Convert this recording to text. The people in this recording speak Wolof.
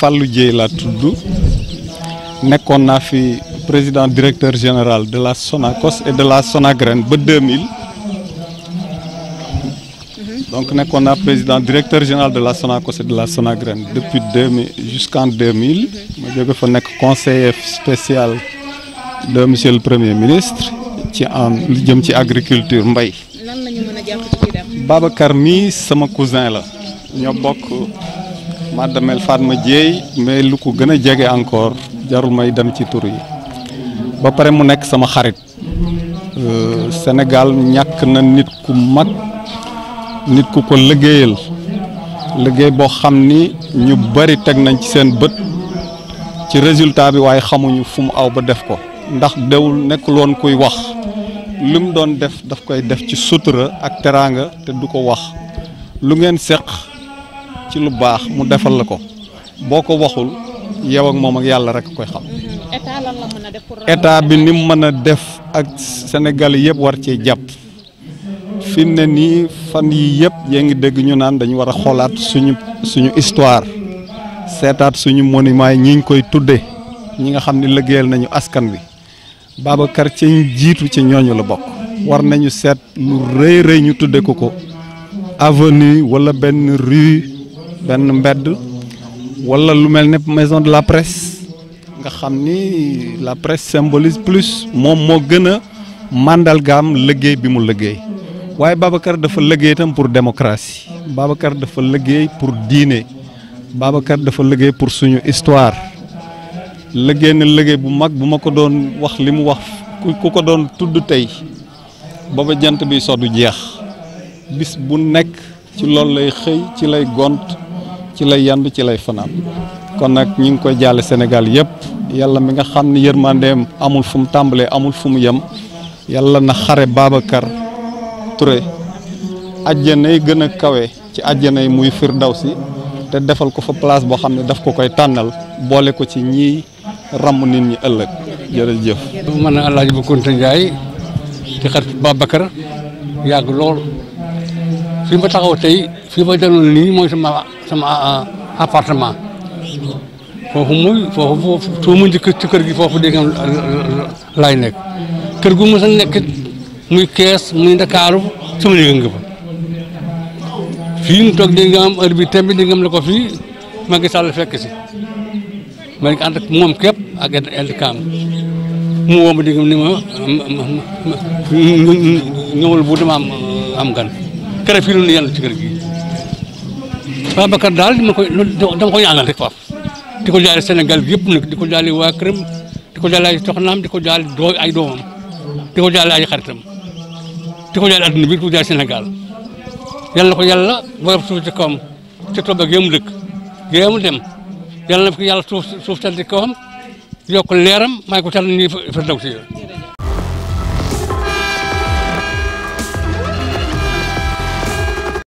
Fallou Dieye laa tudd nekkoon naa fi président directeur général de la Sonacos et de la Sonagraine ba 2000 donc nekkoon naa président directeur général de la Sonacos et de la Sonagraine depuis 2000 jusqu'en 2000 ma jóge fa nekk conseiller spécial de monsieur le premier ministre ci en lu jëm ci agriculture mbay. Babacar mii sama cousin la ñoo bokk. ma damel ma Dieye mais lu ko gën a jege encore jarul may dem ci tur yi ba pare mu nekk sama xarit euh, Sénégal ñàkk na nit ku mag nit ku ko liggéeyal liggéey boo xam ni ñu bari teg nañ ci seen bët ci résultat bi waaye xamuñu fu mu aw ba def ko ndax dewul nekkul woon kuy wax li mu doon def daf koy def ci sutura ak teraanga te du ko wax lu ngeen seq ci lu baax mu defal la ko boo ko waxul yow ak moom ak yàlla rek koy xam. état bi ni mën a def ak senegal yëpp war cee jàpp fi ne nii fan yii yëpp yaa ngi dégg ñu naan dañu war a xoolaat suñu suñu histoire seetaat suñu monument yi ñi ngi koy tudde ñi nga xam ni liggéeyal nañu askan wi Babacar ci jiitu ci ñooñu la bokk. war nañu seet lu rëy rëy ñu tudde ko ko avenue wala benn rue. benn mbedd walla lu mel ne maison de la presse nga xam ni la presse symbolise plus moom moo gën a màndargaam liggéey bi mu liggéey waaye Babacar dafa liggéey tam pour démocratie Babacar dafa liggéey pour diine Babacar dafa liggéey pour suñu histoire liggéey na liggéey bu mag bu ma ko doon wax li mu wax ku ko doon tudd tey baba jant bi so jeex bis bu nekk ci loolu lay xëy ci lay gont ci lay bi ci lay fanaan kon nag ñu ngi koy jaale senegal yëpp yàlla mi nga xam ne yërmandeem amul fu mu tàmbalee amul fu mu yem yàlla na xare Babacar Touré ajjana yi gën a kawe ci ajjana yi muy si te defal ko fa place boo xam ne daf ko koy tànnal boole ko ci ñiy ràmm nit ñi ëllëg jërëjëf. man El Hadj Boucounta Ndiaye ci xar Babacar yàgg lool fi ma taxaw tey. fi ma daloon nii mooy sama sama appartement foofu mooy foofu foofu soo ma njëkk ci kër gi foofu dégg nga laay nekk kër gu mos a nekk muy kees muy ndakaaru sama néeg nga fa fii mu bi tamit dégg la ko fii ma ngi sàll fekk si ma ngi ànd ak moom képp ak eldkaam mu woo ma dégg ma ñëwal bu dama am am gan kere fii nu yàlla ci kër gi Babacar daal dama koy dama ko ñaanal di ko jaale senegal gi yëpp nag di ko jaale waa di ko jaale ay soxnaam di ko jaale doo ay doomam di ko jaale ay xaritam di ko jaale adduna bi di ko jaale Sénégal yàlla ko yàlla borom suuf ci kawam ca Touba gi mu dëkk yàlla na ko yàlla suuf suuf seen ci kawam yokk leeram maa ngi ko tànn nii daw si